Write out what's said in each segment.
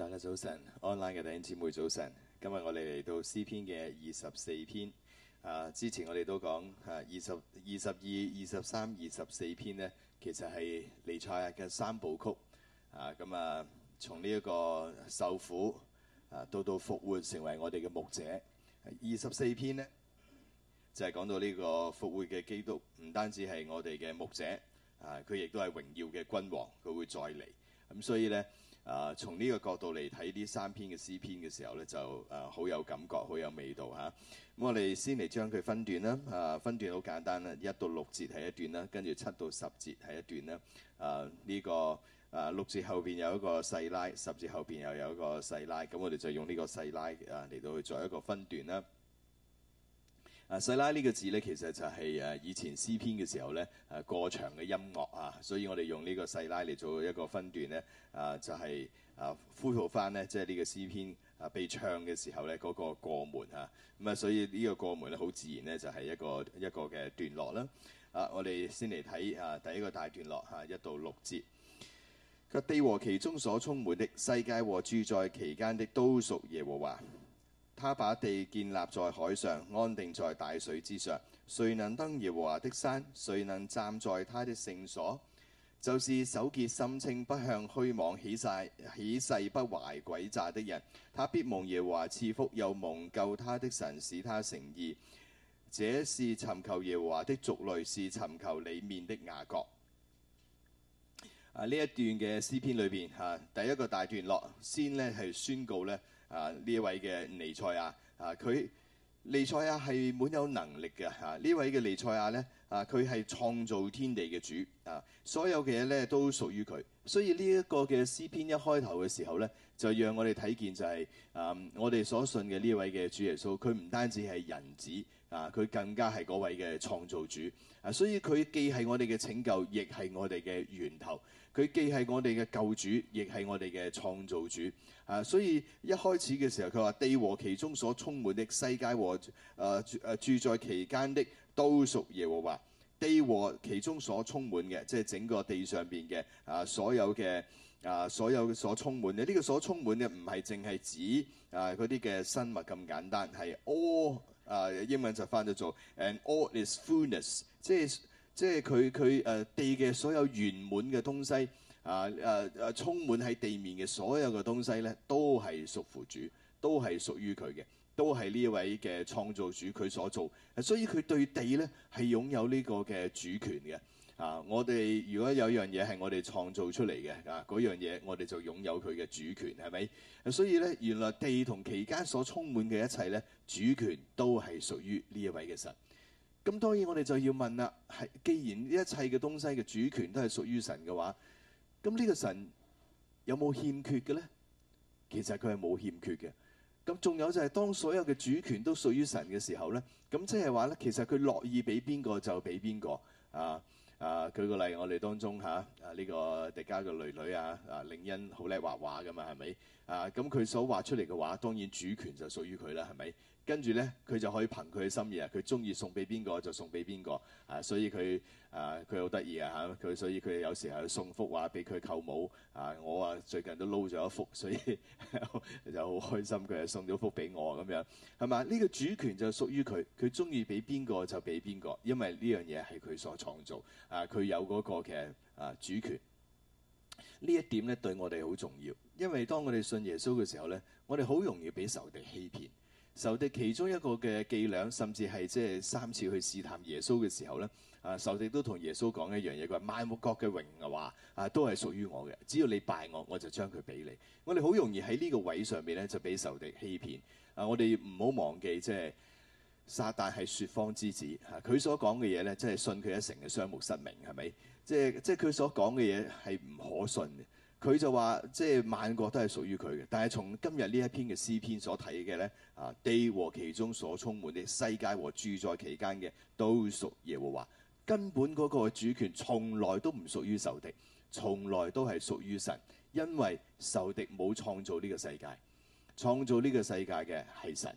大家早晨，online 嘅弟兄姊妹早晨。今日我哋嚟到詩篇嘅二十四篇。啊，之前我哋都講，啊，二十、二十二、二十三、二十四篇呢，其實係彌賽亞嘅三部曲。啊，咁啊，從呢一個受苦啊，到到復活成為我哋嘅牧者。二十四篇呢，就係、是、講到呢個復活嘅基督，唔單止係我哋嘅牧者，啊，佢亦都係榮耀嘅君王，佢會再嚟。咁、啊、所以呢。啊，從呢個角度嚟睇呢三篇嘅詩篇嘅時候呢，就啊好有感覺，好有味道嚇。咁、啊嗯、我哋先嚟將佢分段啦。啊，分段好簡單啦，一到六節係一段啦，跟住七到十節係一段啦。啊，呢、這個啊六節後邊有一個細拉，十節後邊又有一個細拉。咁、嗯、我哋就用呢個細拉啊嚟到去做一個分段啦。啊啊，細拉呢個字呢，其實就係、是、誒、啊、以前詩篇嘅時候呢，誒、啊、過場嘅音樂啊，所以我哋用呢個細拉嚟做一個分段呢，啊就係、是、啊呼喚翻呢，即係呢個詩篇啊被唱嘅時候呢，嗰、那個過門啊，咁啊所以呢個過門呢，好自然呢，就係、是、一個一個嘅段落啦。啊，我哋先嚟睇啊第一個大段落嚇一、啊、到六節。個、啊、地和其中所充滿的世界和住在其間的都屬耶和華。他把地建立在海上，安定在大水之上。誰能登耶和華的山？誰能站在他的聖所？就是手潔心清、不向虛妄起曬起誓、不懷詭詐的人，他必蒙耶和華賜福，又蒙救他的神使他成義。這是尋求耶和華的族類，是尋求裡面的雅各。啊！呢一段嘅詩篇裏邊，嚇、啊，第一個大段落先咧係宣告咧。啊！呢一位嘅彌賽亞，啊佢彌賽亞係滿有能力嘅嚇。呢位嘅彌賽亞咧，啊佢係、啊、創造天地嘅主啊，所有嘅嘢咧都屬於佢。所以呢一個嘅詩篇一開頭嘅時候咧，就讓我哋睇見就係、是、啊，我哋所信嘅呢位嘅主耶穌，佢唔單止係人子啊，佢更加係嗰位嘅創造主啊。所以佢既係我哋嘅拯救，亦係我哋嘅源頭。佢既係我哋嘅救主，亦係我哋嘅創造主。啊，所以一開始嘅時候，佢話地和其中所充滿的，世界和誒誒、呃、住在其間的，都屬耶和華。地和其中所充滿嘅，即係整個地上面嘅啊，所有嘅啊，所有所充滿嘅呢、這個所充滿嘅，唔係淨係指啊嗰啲嘅生物咁簡單，係 all 啊，英文就翻咗做 an all is fullness，即係。即係佢佢誒地嘅所有圓滿嘅東西啊，誒誒、啊、充滿喺地面嘅所有嘅東西咧，都係屬乎主，都係屬於佢嘅，都係呢一位嘅創造主佢所做。所以佢對地咧係擁有呢個嘅主權嘅。啊，我哋如果有一樣嘢係我哋創造出嚟嘅啊，嗰樣嘢我哋就擁有佢嘅主權，係咪？所以咧，原來地同期間所充滿嘅一切咧，主權都係屬於呢一位嘅神。咁當然我哋就要問啦，係既然一切嘅東西嘅主權都係屬於神嘅話，咁呢個神有冇欠缺嘅呢？其實佢係冇欠缺嘅。咁仲有就係當所有嘅主權都屬於神嘅時候呢，咁即係話呢，其實佢樂意俾邊個就俾邊個啊啊！舉個例，我哋當中嚇啊呢個迪加嘅女女啊啊，嶺欣好叻畫畫噶嘛，係咪啊？咁佢所畫出嚟嘅畫，當然主權就屬於佢啦，係咪？跟住呢，佢就可以憑佢嘅心意啊！佢中意送俾邊個就送俾邊個啊！所以佢啊，佢好得意啊嚇！佢所以佢有時係送幅畫俾佢舅母啊！我啊最近都撈咗一幅，所以 就好開心。佢又送咗幅俾我咁樣，係嘛？呢個主權就屬於佢，佢中意俾邊個就俾邊個，因為呢樣嘢係佢所創造啊！佢有嗰個嘅啊主權呢一點呢，對我哋好重要，因為當我哋信耶穌嘅時候呢，我哋好容易俾仇敵欺騙。仇敵其中一個嘅伎倆，甚至係即係三次去試探耶穌嘅時候咧，啊，仇敵都同耶穌講一樣嘢，佢話：萬目國嘅榮華啊，都係屬於我嘅，只要你拜我，我就將佢俾你。我哋好容易喺呢個位上面咧，就俾仇敵欺騙。啊，我哋唔好忘記，即係撒但係説謊之子，嚇，啊，佢所講嘅嘢咧，即係信佢一成嘅雙目失明，係咪？即係即係佢所講嘅嘢係唔可信嘅。佢就話，即係萬國都係屬於佢嘅。但係從今日呢一篇嘅詩篇所睇嘅咧，啊，地和其中所充滿嘅世界和住在期間嘅，都屬耶和華。根本個主權從來都唔屬於仇敵，從來都係屬於神，因為仇敵冇創造呢個世界，創造呢個世界嘅係神。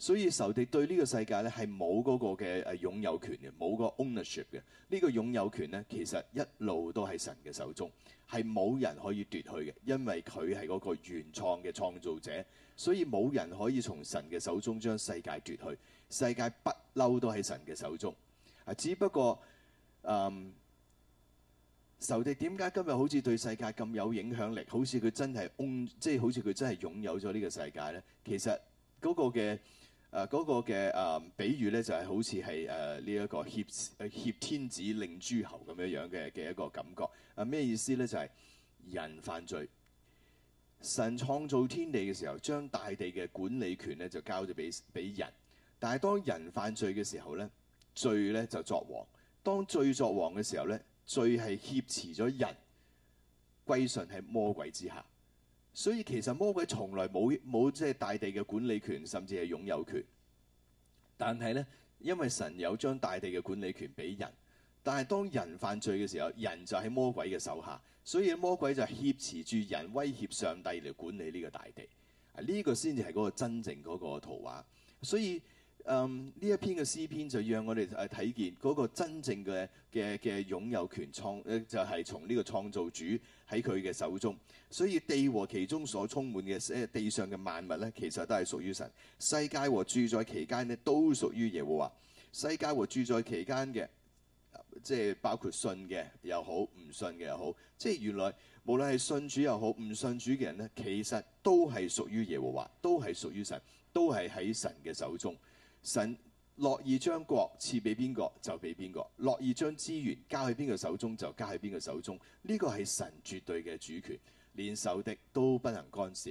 所以，仇敵對呢個世界咧，係冇嗰個嘅誒擁有權嘅，冇個 ownership 嘅。呢個擁有權咧，其實一路都喺神嘅手中，係冇人可以奪去嘅，因為佢係嗰個原創嘅創造者，所以冇人可以從神嘅手中將世界奪去。世界不嬲都喺神嘅手中啊。只不過誒，仇敵點解今日好似對世界咁有影響力，好似佢真係 own，即係好似佢真係擁有咗呢個世界咧？其實嗰個嘅。誒嗰、呃那個嘅誒、呃、比喻咧，就係好似係誒呢一個挾誒挾天子令諸侯咁樣樣嘅嘅一個感覺，啊、呃、咩意思咧？就係、是、人犯罪，神創造天地嘅時候，將大地嘅管理權咧就交咗俾俾人。但係當人犯罪嘅時候咧，罪咧就作王。當罪作王嘅時候咧，罪係挾持咗人歸順喺魔鬼之下。所以其實魔鬼從來冇冇即係大地嘅管理權，甚至係擁有權。但係呢，因為神有將大地嘅管理權俾人，但係當人犯罪嘅時候，人就喺魔鬼嘅手下，所以魔鬼就挾持住人威脅上帝嚟管理呢個大地。啊，呢個先至係嗰個真正嗰個圖畫。所以。嗯，呢一篇嘅詩篇就讓我哋誒睇見嗰個真正嘅嘅嘅擁有權創誒就係從呢個創造主喺佢嘅手中。所以地和其中所充滿嘅誒地上嘅萬物咧，其實都係屬於神。世界和住在期間咧都屬於耶和華。世界和住在期間嘅，即係包括信嘅又好，唔信嘅又好，即係原來無論係信主又好，唔信主嘅人咧，其實都係屬於耶和華，都係屬於神，都係喺神嘅手中。神樂意將國賜俾邊個就俾邊個，樂意將資源交喺邊個手中就交喺邊個手中。呢個係神絕對嘅主權，連仇敵都不能干涉。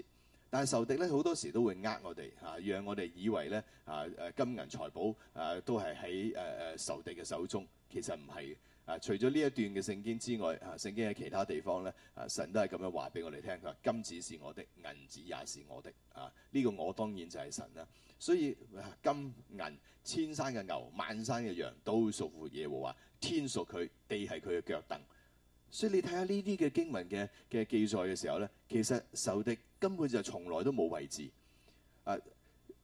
但係仇敵咧好多時都會呃我哋，嚇、啊、讓我哋以為咧嚇誒金銀財寶啊都係喺誒誒仇敵嘅手中，其實唔係嘅啊，除咗呢一段嘅聖經之外，啊聖經喺其他地方咧，啊神都係咁樣話俾我哋聽。佢話金子是我的，銀子也是我的。啊，呢、這個我當然就係神啦。所以金銀，千山嘅牛，萬山嘅羊，都屬乎耶和華，天屬佢，地係佢嘅腳凳。所以你睇下呢啲嘅經文嘅嘅記載嘅時候咧，其實受敵根本就從來都冇位置。誒、啊，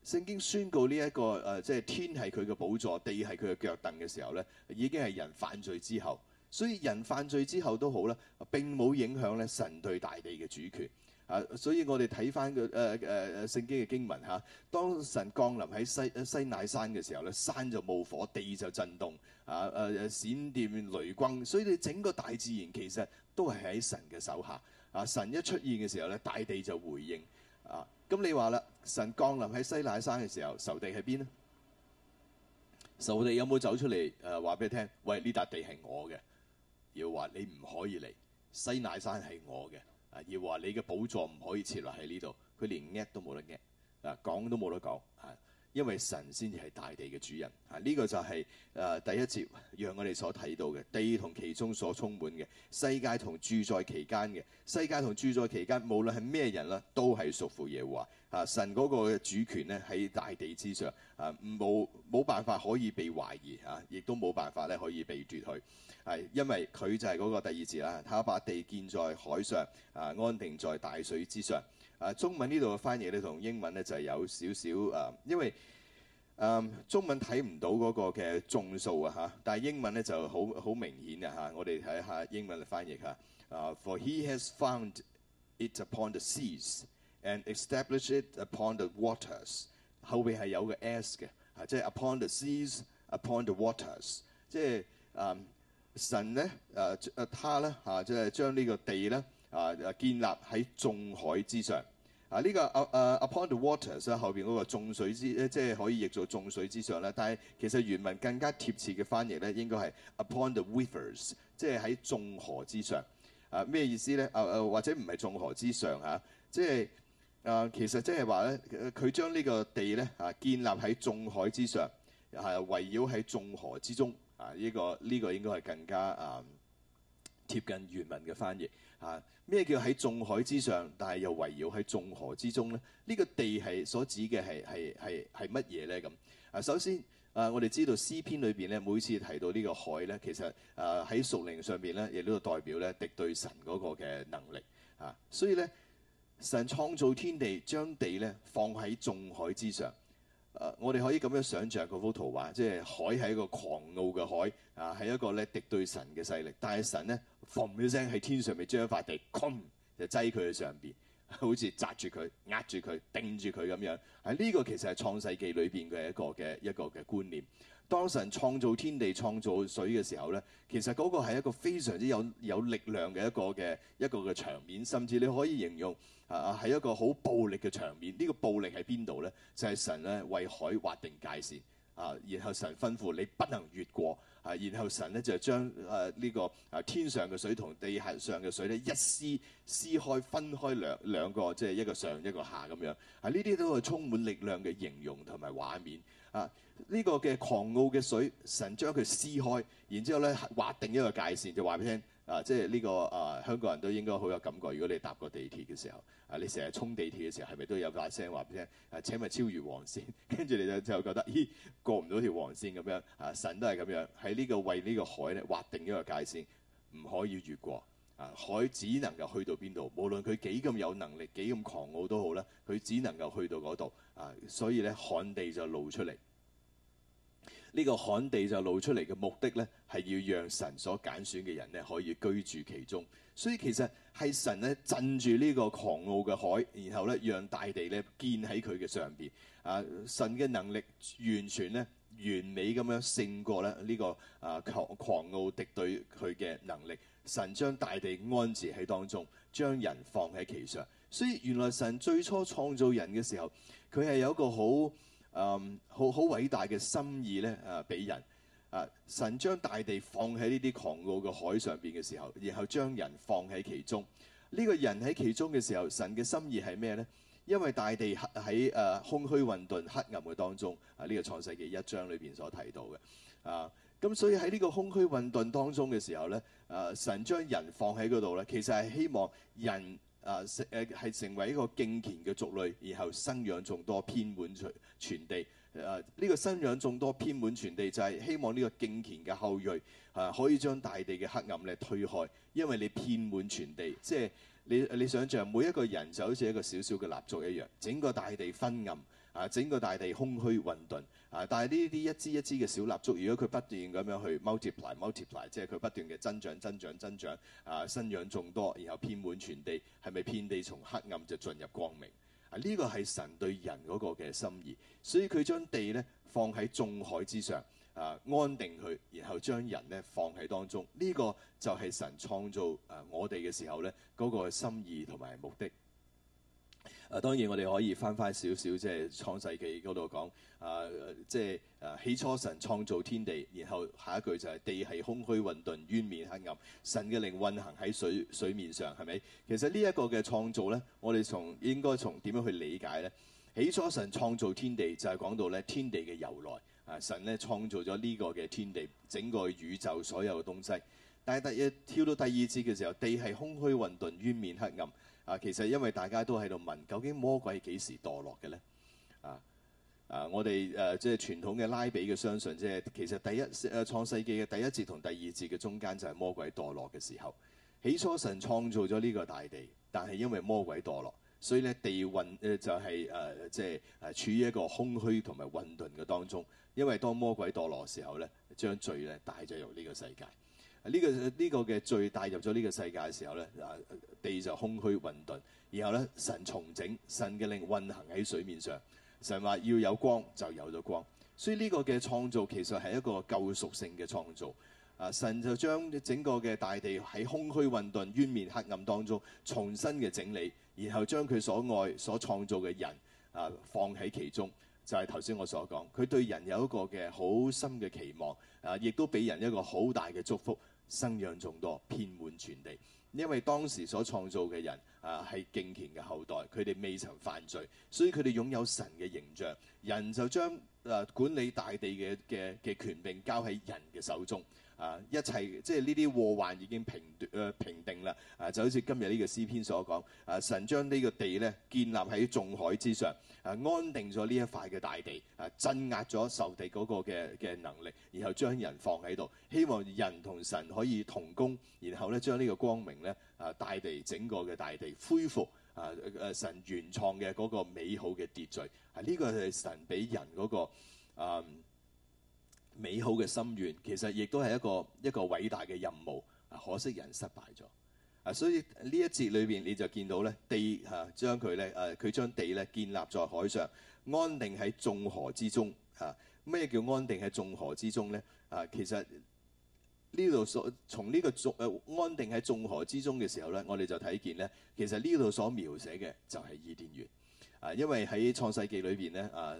聖經宣告呢、這、一個誒，即、啊、係、就是、天係佢嘅寶座，地係佢嘅腳凳嘅時候咧，已經係人犯罪之後。所以人犯罪之後都好啦，並冇影響咧神對大地嘅主權。啊，所以我哋睇翻嘅誒誒誒聖經嘅經文嚇、啊，當神降臨喺西西乃山嘅時候咧，山就冒火，地就震動，啊誒、啊、閃電雷轟，所以你整個大自然其實都係喺神嘅手下。啊，神一出現嘅時候咧，大地就回應。啊，咁你話啦，神降臨喺西乃山嘅時候，仇敵喺邊咧？仇敵有冇走出嚟誒？話、啊、俾你聽，喂，呢笪地係我嘅，要話你唔可以嚟。西乃山係我嘅。要而話你嘅寶藏唔可以設立喺呢度，佢連 at 都冇得 at，啊講都冇得講啊！因為神先至係大地嘅主人，啊呢、這個就係、是、誒、呃、第一節讓我哋所睇到嘅地同其中所充滿嘅世界同住在其間嘅世界同住在其間，無論係咩人啦，都係屬乎耶和華，啊神嗰個主權咧喺大地之上，啊冇冇辦法可以被懷疑啊，亦都冇辦法咧可以被奪去，係因為佢就係嗰個第二節啦、啊，他把地建在海上，啊安定在大水之上。啊，中文呢度嘅翻譯咧同英文咧就係有少少啊，因為啊中文睇唔到嗰個嘅眾數啊嚇，但係英文咧就好好明顯嘅嚇。我哋睇下英文嘅翻譯嚇。啊，for he has found it upon the seas and established it upon the waters。後邊係有個 s 嘅，啊，即係 upon the seas，upon the waters。即係啊神咧啊啊他咧嚇，即係將呢個地咧。啊！建立喺眾海之上，啊呢、這個啊誒、uh, uh, upon the waters 咧、啊，後邊嗰個眾水之，即係可以譯做眾水之上咧。但係其實原文更加貼切嘅翻譯咧，應該係 upon the rivers，即係喺眾河之上。啊，咩意思咧？啊或者唔係眾河之上嚇、啊，即係啊，其實即係話咧，佢將呢個地咧啊，建立喺眾海之上，係、啊、圍繞喺眾河之中。啊，呢、這個呢、這個應該係更加啊。貼近原文嘅翻譯嚇，咩叫喺眾海之上，但係又圍繞喺眾河之中咧？呢個地係所指嘅係係係係乜嘢咧？咁啊，首先啊，我哋知道詩篇裏邊咧，每次提到呢個海咧，其實啊喺屬靈上邊咧，亦都代表咧敵對神嗰個嘅能力啊，所以咧神創造天地，將地咧放喺眾海之上。誒、呃，我哋可以咁樣想象嗰幅圖畫，即係海係一個狂傲嘅海，啊，係一個咧敵對神嘅勢力，但係神咧，嘣一聲，喺天上邊將一塊地，咁就擠佢喺上邊。好似紮住佢、壓住佢、定住佢咁樣，喺呢個其實係創世記裏邊嘅一個嘅一個嘅觀念。當神創造天地、創造水嘅時候呢，其實嗰個係一個非常之有有力量嘅一個嘅一個嘅場面，甚至你可以形容啊，係一個好暴力嘅場面。呢個暴力喺邊度呢？就係神咧為海劃定界線啊，然後神吩咐你不能越過。啊，然後神咧就將誒呢個啊天上嘅水同地下上嘅水咧一撕撕開，分開兩兩個，即係一個上一個下咁樣。啊，呢啲都係充滿力量嘅形容同埋畫面。啊，呢個嘅狂傲嘅水，神將佢撕開，然之後咧劃定一個界線，就話俾你聽。啊，即係呢個啊，香港人都應該好有感覺。如果你搭過地鐵嘅時候，啊，你成日衝地鐵嘅時候，係咪都有把聲話俾你聽？啊，請勿超越黃線。跟住你就就覺得，咦，過唔到條黃線咁樣。啊，神都係咁樣，喺呢個為呢個海咧劃定一個界線，唔可以越過。啊，海只能夠去到邊度？無論佢幾咁有能力，幾咁狂傲都好啦，佢只能夠去到嗰度。啊，所以咧旱地就露出嚟。呢個旱地就露出嚟嘅目的呢，係要讓神所揀選嘅人呢可以居住其中。所以其實係神呢鎮住呢個狂傲嘅海，然後呢讓大地呢建喺佢嘅上邊。啊，神嘅能力完全呢完美咁樣勝過咧、這、呢個啊狂傲敵對佢嘅能力。神將大地安置喺當中，將人放喺其上。所以原來神最初創造人嘅時候，佢係有一個好。嗯，好好偉大嘅心意咧，啊俾人，啊神將大地放喺呢啲狂傲嘅海上邊嘅時候，然後將人放喺其中。呢個人喺其中嘅時候，神嘅心意係咩呢？因為大地喺誒、啊、空虛混沌黑暗嘅當中，啊呢個創世記一章裏邊所提到嘅。啊，咁所以喺呢個空虛混沌當中嘅時候呢，啊神將人放喺嗰度呢，其實係希望人。啊，成誒係成為一個敬虔嘅族類，然後生養眾多，遍滿全地。誒、啊，呢、這個生養眾多，遍滿全地就係希望呢個敬虔嘅後裔，誒、啊、可以將大地嘅黑暗咧推開，因為你遍滿全地，即係你你想像每一個人就好似一個小小嘅蠟燭一樣，整個大地昏暗。整個大地空虛混沌啊！但係呢啲一支一支嘅小蠟燭，如果佢不斷咁樣去 multiply、multiply，即係佢不斷嘅增長、增長、增長啊！生養眾多，然後遍滿全地，係咪遍地從黑暗就進入光明？啊！呢個係神對人嗰個嘅心意，所以佢將地呢放喺眾海之上啊，安定佢，然後將人呢放喺當中。呢個就係神創造啊我哋嘅時候呢嗰個心意同埋目的。誒、啊、當然我哋可以翻翻少少即係創世記嗰度講，啊即係誒、啊、起初神創造天地，然後下一句就係地係空虛混沌，淵面黑暗，神嘅靈運行喺水水面上係咪？其實呢一個嘅創造呢，我哋從應該從點樣去理解呢？起初神創造天地就係，是，講到咧天地嘅由來，啊神咧創造咗呢個嘅天地，整個宇宙所有嘅東西。但係第一跳到第二節嘅時候，地係空虛混沌，淵面黑暗。啊，其實因為大家都喺度問，究竟魔鬼係幾時墮落嘅咧？啊啊，我哋誒即係傳統嘅拉比嘅相信，即係其實第一誒創世記嘅第一節同第二節嘅中間就係魔鬼墮落嘅時候。起初神創造咗呢個大地，但係因為魔鬼墮落，所以咧地運誒就係誒即係誒處於一個空虛同埋混沌嘅當中。因為當魔鬼墮落嘅時候咧，將罪咧帶咗入呢個世界。呢、這個呢、這個嘅罪帶入咗呢個世界嘅時候呢，啊地就空虛混沌，然後呢神重整，神嘅靈運行喺水面上，神話要有光就有咗光，所以呢個嘅創造其實係一個救贖性嘅創造。啊神就將整個嘅大地喺空虛混沌，淵面黑暗當中重新嘅整理，然後將佢所愛所創造嘅人啊放喺其中，就係頭先我所講，佢對人有一個嘅好深嘅期望，啊亦都俾人一個好大嘅祝福。生養眾多，遍滿全地，因為當時所創造嘅人啊，係敬虔嘅後代，佢哋未曾犯罪，所以佢哋擁有神嘅形象。人就將啊管理大地嘅嘅嘅權柄交喺人嘅手中啊，一切即係呢啲禍患已經平誒、呃、平定啦啊，就好似今日呢個詩篇所講啊，神將呢個地咧建立喺眾海之上。啊，安定咗呢一塊嘅大地，啊，鎮壓咗受地嗰個嘅嘅能力，然後將人放喺度，希望人同神可以同工，然後咧將呢個光明咧啊，帶地整個嘅大地恢復啊，誒神原創嘅嗰個美好嘅秩序，啊，這個那個，呢個係神俾人嗰個啊美好嘅心願，其實亦都係一個一個偉大嘅任務啊，可惜人失敗咗。啊，所以呢一節裏邊你就見到咧，地吓將佢咧，誒佢將地咧建立在海上，安定喺眾河之中，吓咩叫安定喺眾河之中咧？啊，其實呢度所從呢個眾誒安定喺眾河之中嘅時候咧，我哋就睇見咧，其實呢度所描寫嘅就係伊甸園。啊，因為喺《創世記》裏邊咧，啊，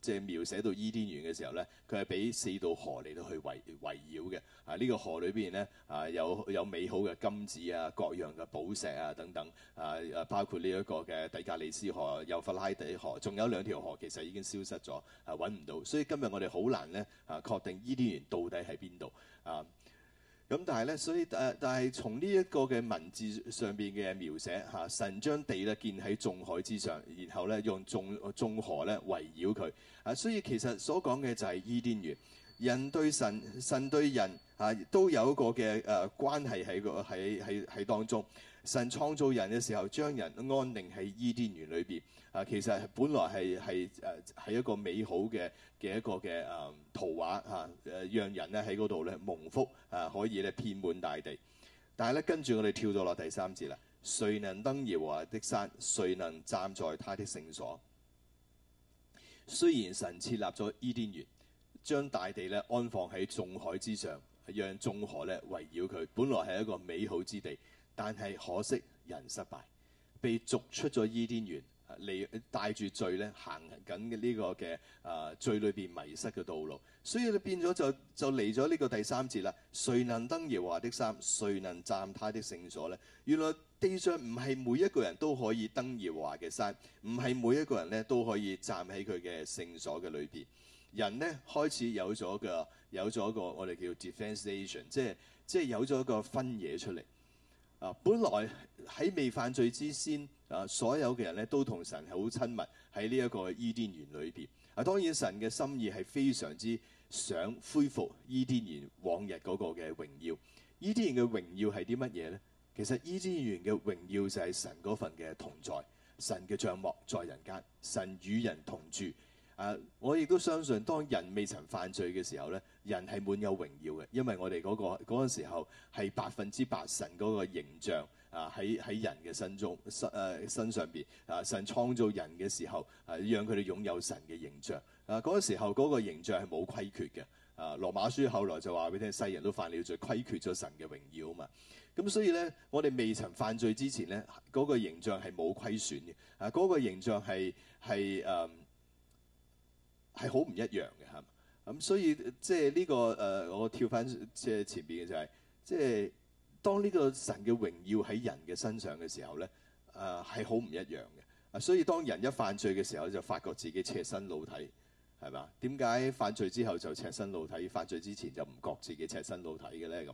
即係描寫到伊甸園嘅時候咧，佢係俾四道河嚟到去圍圍繞嘅。啊，呢、這個河裏邊咧，啊，有有美好嘅金子啊，各樣嘅寶石啊等等。啊，啊包括呢一個嘅底格里斯河、幼發拉底河，仲有兩條河其實已經消失咗，啊揾唔到。所以今日我哋好難咧，啊確定伊甸園到底喺邊度啊？咁但係咧，所以但係從呢一個嘅文字上邊嘅描寫嚇、啊，神將地咧建喺眾海之上，然後咧用眾眾河咧圍繞佢啊，所以其實所講嘅就係伊甸園，人對神，神對人啊都有一個嘅誒、啊、關係喺個喺喺喺當中。神創造人嘅時候，將人安定喺伊甸園裏邊啊，其實本來係係誒係一個美好嘅嘅一個嘅啊、嗯、圖畫啊誒，讓人咧喺嗰度咧蒙福啊，可以咧遍滿大地。但係咧跟住我哋跳咗落第三節啦。誰能登耶和華的山？誰能站在他的聖所？雖然神設立咗伊甸園，將大地咧安放喺眾海之上，讓眾河咧圍繞佢，本來係一個美好之地。但係可惜，人失敗，被逐出咗伊甸園，嚟帶住罪咧行緊嘅呢個嘅誒罪裏邊迷失嘅道路，所以你變咗就就嚟咗呢個第三節啦。誰能登耶和華的山？誰能站他的聖所咧？原來地上唔係每一個人都可以登耶和華嘅山，唔係每一個人咧都可以站喺佢嘅聖所嘅裏邊，人咧開始有咗個有咗個我哋叫 defenstation，即係即係有咗個分野出嚟。啊，本來喺未犯罪之先，啊，所有嘅人咧都同神係好親密喺呢一個伊甸園裏邊。啊，當然神嘅心意係非常之想恢復伊甸園往日嗰個嘅榮耀。伊甸園嘅榮耀係啲乜嘢呢？其實伊甸園嘅榮耀就係神嗰份嘅同在，神嘅帳幕在人間，神與人同住。啊！我亦都相信，當人未曾犯罪嘅時候咧，人係滿有榮耀嘅，因為我哋嗰、那個嗰陣、那個、時候係百分之百神嗰個形象啊，喺喺人嘅身中身誒、啊、身上邊啊，神創造人嘅時候啊，讓佢哋擁有神嘅形象啊。嗰、那、陣、個、時候嗰個形象係冇虧缺嘅啊。羅馬書後來就話俾你聽，世人都犯了罪，虧缺咗神嘅榮耀啊嘛。咁所以咧，我哋未曾犯罪之前咧，嗰、那個形象係冇虧損嘅啊。嗰、那個形象係係誒。係好唔一樣嘅，係嘛？咁、嗯、所以即係呢、這個誒、呃，我跳翻即係前邊嘅就係、是，即係當呢個神嘅榮耀喺人嘅身上嘅時候咧，誒係好唔一樣嘅。啊，所以當人一犯罪嘅時候就發覺自己赤身露體，係嘛？點解犯罪之後就赤身露體，犯罪之前就唔覺自己赤身露體嘅咧？咁咁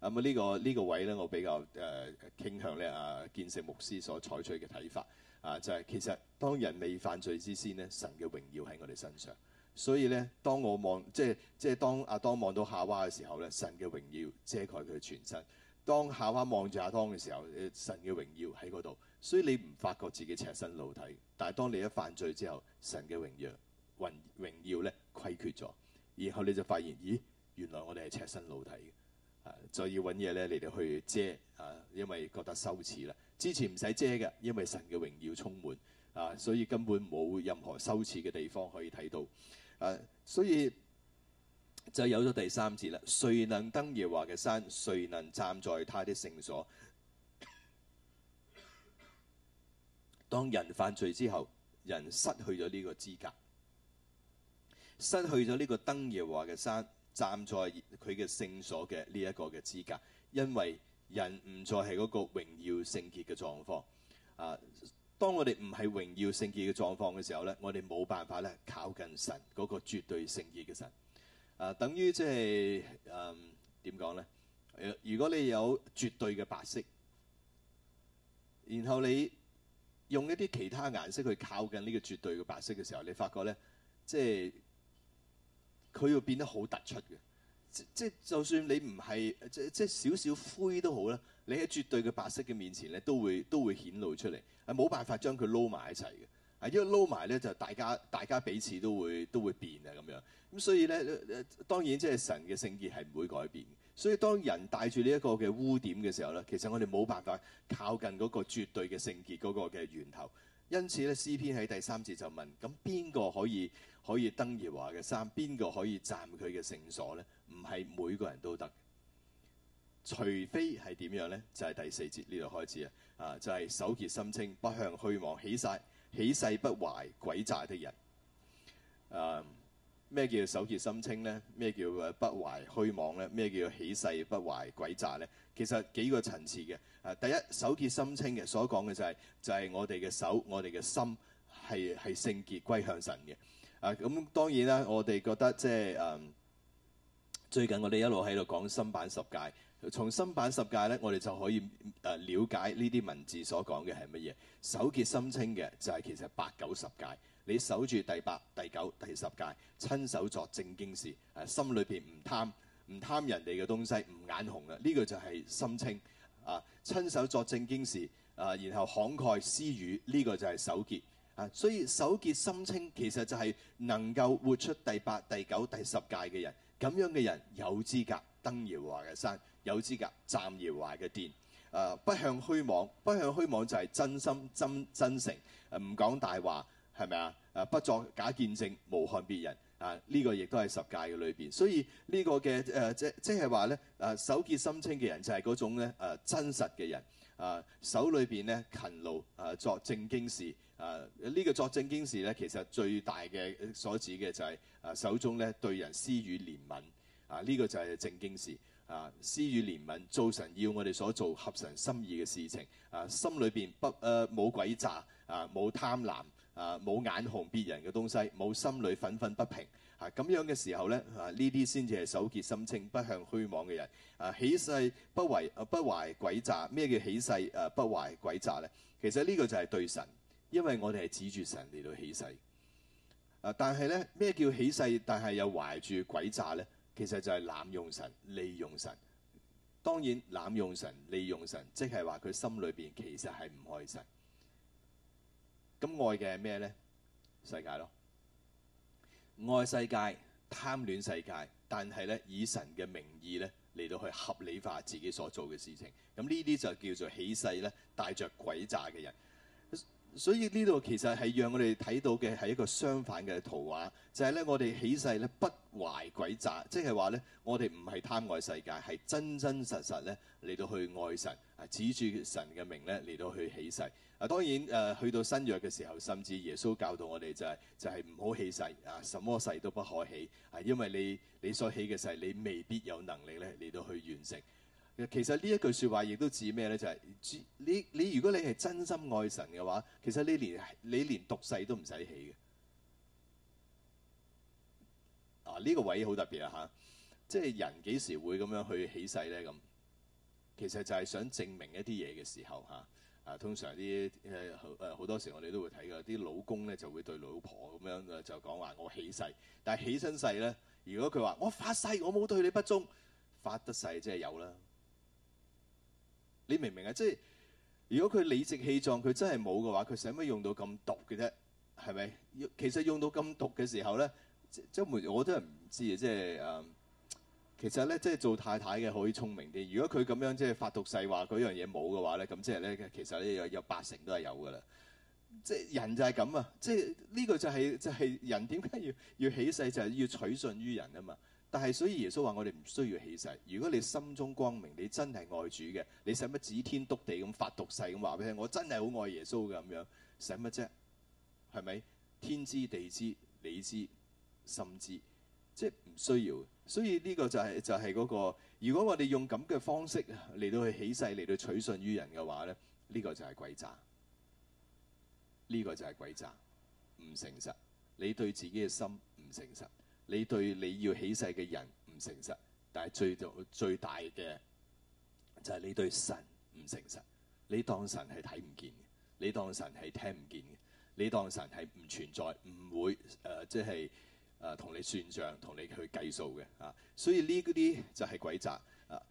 啊呢個呢、這個位咧，我比較誒、呃、傾向咧啊，見證牧師所採取嘅睇法。啊，就係、是、其實當人未犯罪之先咧，神嘅榮耀喺我哋身上。所以呢，當我望即係即係當阿當望到夏娃嘅時候咧，神嘅榮耀遮蓋佢全身。當夏娃望住阿當嘅時候，神嘅榮耀喺嗰度。所以你唔發覺自己赤身露體，但係當你一犯罪之後，神嘅榮耀榮榮耀呢，虧缺咗，然後你就發現，咦，原來我哋係赤身露體嘅。再、啊、要揾嘢呢，你哋去遮啊，因為覺得羞恥啦。之前唔使遮嘅，因為神嘅榮耀充滿，啊，所以根本冇任何羞恥嘅地方可以睇到，誒，所以就有咗第三節啦。誰能登耶和華嘅山，誰能站在他的聖所？當人犯罪之後，人失去咗呢個資格，失去咗呢個登耶和華嘅山、站在佢嘅聖所嘅呢一個嘅資格，因為。人唔再係嗰個榮耀聖潔嘅狀況。啊，當我哋唔係榮耀聖潔嘅狀況嘅時候咧，我哋冇辦法咧靠近神嗰個絕對聖潔嘅神。啊，等於即係誒點講咧？如果你有絕對嘅白色，然後你用一啲其他顏色去靠近呢個絕對嘅白色嘅時候，你發覺咧，即係佢要變得好突出嘅。即即就算你唔係即即少少灰都好啦，你喺絕對嘅白色嘅面前咧，都會都會顯露出嚟，係冇辦法將佢撈埋一齊嘅。係因為撈埋咧就大家大家彼此都會都會變嘅咁樣。咁所以咧，當然即係神嘅聖潔係唔會改變。所以當人帶住呢一個嘅污點嘅時候咧，其實我哋冇辦法靠近嗰個絕對嘅聖潔嗰個嘅源頭。因此咧，詩篇喺第三節就問：咁邊個可以可以登耶華嘅山？邊個可以站佢嘅聖所咧？唔係每個人都得，除非係點樣咧？就係第四節呢度開始啊！啊，就係手潔心清，不向虛妄起誓起誓不懷詭詐的人。啊，咩叫手潔心清咧？咩叫不懷虛妄咧？咩叫起誓不懷詭詐咧？其實幾個層次嘅，誒、啊、第一手潔心清嘅所講嘅就係、是、就係、是、我哋嘅手，我哋嘅心係係聖潔歸向神嘅。啊，咁、嗯、當然啦，我哋覺得即係誒、嗯、最近我哋一路喺度講新版十戒，從新版十戒咧，我哋就可以誒瞭解呢啲文字所講嘅係乜嘢。手潔心清嘅就係其實八九十戒，你守住第八、第九、第十戒，親手作正經事，誒、啊、心裏邊唔貪。唔貪人哋嘅東西，唔眼紅啦，呢、這個就係心清啊！親手作正經事啊，然後慷慨施予，呢、這個就係手潔啊！所以手潔心清，其實就係能夠活出第八、第九、第十誡嘅人。咁樣嘅人有資格登搖華嘅山，有資格站搖華嘅殿。誒、啊，不向虛妄，不向虛妄就係真心真真誠，唔、啊、講大話，係咪啊？誒，不作假見證，無害別人。啊！呢、這個亦都係十戒嘅裏邊，所以個、呃、呢個嘅誒即即係話咧，誒手潔心清嘅人就係嗰種咧誒、啊、真實嘅人。啊，手裏邊咧勤勞，誒、啊、作正經事。啊，呢、這個作正經事咧，其實最大嘅所指嘅就係啊手中咧對人施予憐憫。啊，呢啊、這個就係正經事。啊，施予憐憫，做神要我哋所做合神心意嘅事情。啊，心裏邊不誒冇、呃、詭詐，啊冇貪婪,婪。啊！冇眼紅別人嘅東西，冇心裏憤憤不平嚇，咁、啊、樣嘅時候咧，呢啲先至係手潔心清、不向虛妄嘅人。啊！起誓不為、啊、不懷詭詐，咩叫起誓啊？不懷詭詐呢，其實呢個就係對神，因為我哋係指住神嚟到起誓。啊、但係呢，咩叫起誓？但係又懷住詭詐呢，其實就係濫用神、利用神。當然濫用神、利用神，即係話佢心裏邊其實係唔愛神。咁愛嘅係咩咧？世界咯，愛世界、貪戀世界，但係咧，以神嘅名義咧嚟到去合理化自己所做嘅事情，咁呢啲就叫做起誓咧帶着詭詐嘅人。所以呢度其實係讓我哋睇到嘅係一個相反嘅圖畫，就係、是、咧我哋起誓不懷詭詐，即係話咧我哋唔係貪愛世界，係真真實實咧嚟到去愛神，指住神嘅名咧嚟到去起誓。啊，當然誒、啊、去到新約嘅時候，甚至耶穌教導我哋就係、是、就係唔好起誓啊，什麼誓都不可起，啊，因為你你所起嘅誓，你未必有能力咧嚟到去完成。其實呢一句説話亦都指咩咧？就係指你你如果你係真心愛神嘅話，其實你連你連毒誓都唔使起嘅啊！呢個位好特別啊！嚇，即係人幾時會咁樣去起誓咧？咁其實就係想證明一啲嘢嘅時候嚇啊。通常啲誒好多時，我哋都會睇嘅啲老公咧就會對老婆咁樣就講話我起誓，但係起身誓咧，如果佢話我發誓我冇對你不忠，發得誓即係有啦。你明唔明啊？即係如果佢理直氣壯，佢真係冇嘅話，佢使乜用到咁毒嘅啫？係咪？其實用到咁毒嘅時候咧，即係我都係唔知啊！即係誒、嗯，其實咧，即係做太太嘅可以聰明啲。如果佢咁樣即係發毒誓話嗰樣嘢冇嘅話咧，咁即係咧，其實咧有有八成都係有㗎喇。即係人就係咁啊！即係呢個就係、係、就係、係、人點解要要起誓就係要取信於人啊嘛？但係，所以耶穌話：我哋唔需要起誓。如果你心中光明，你真係愛主嘅，你使乜指天篤地咁發毒誓？咁話俾佢聽？我真係好愛耶穌咁樣，使乜啫？係咪天知地知你知，心知，即係唔需要。所以呢個就係就係嗰個。如果我哋用咁嘅方式嚟到去起誓，嚟到取信於人嘅話咧，呢個就係詭詐。呢個就係詭詐，唔誠實。你對自己嘅心唔誠實。你對你要起誓嘅人唔誠實，但係最做最大嘅就係你對神唔誠實。你當神係睇唔見嘅，你當神係聽唔見嘅，你當神係唔存在、唔會誒即係誒同你算賬、同你去計數嘅啊。所以呢啲就係詭詐啊。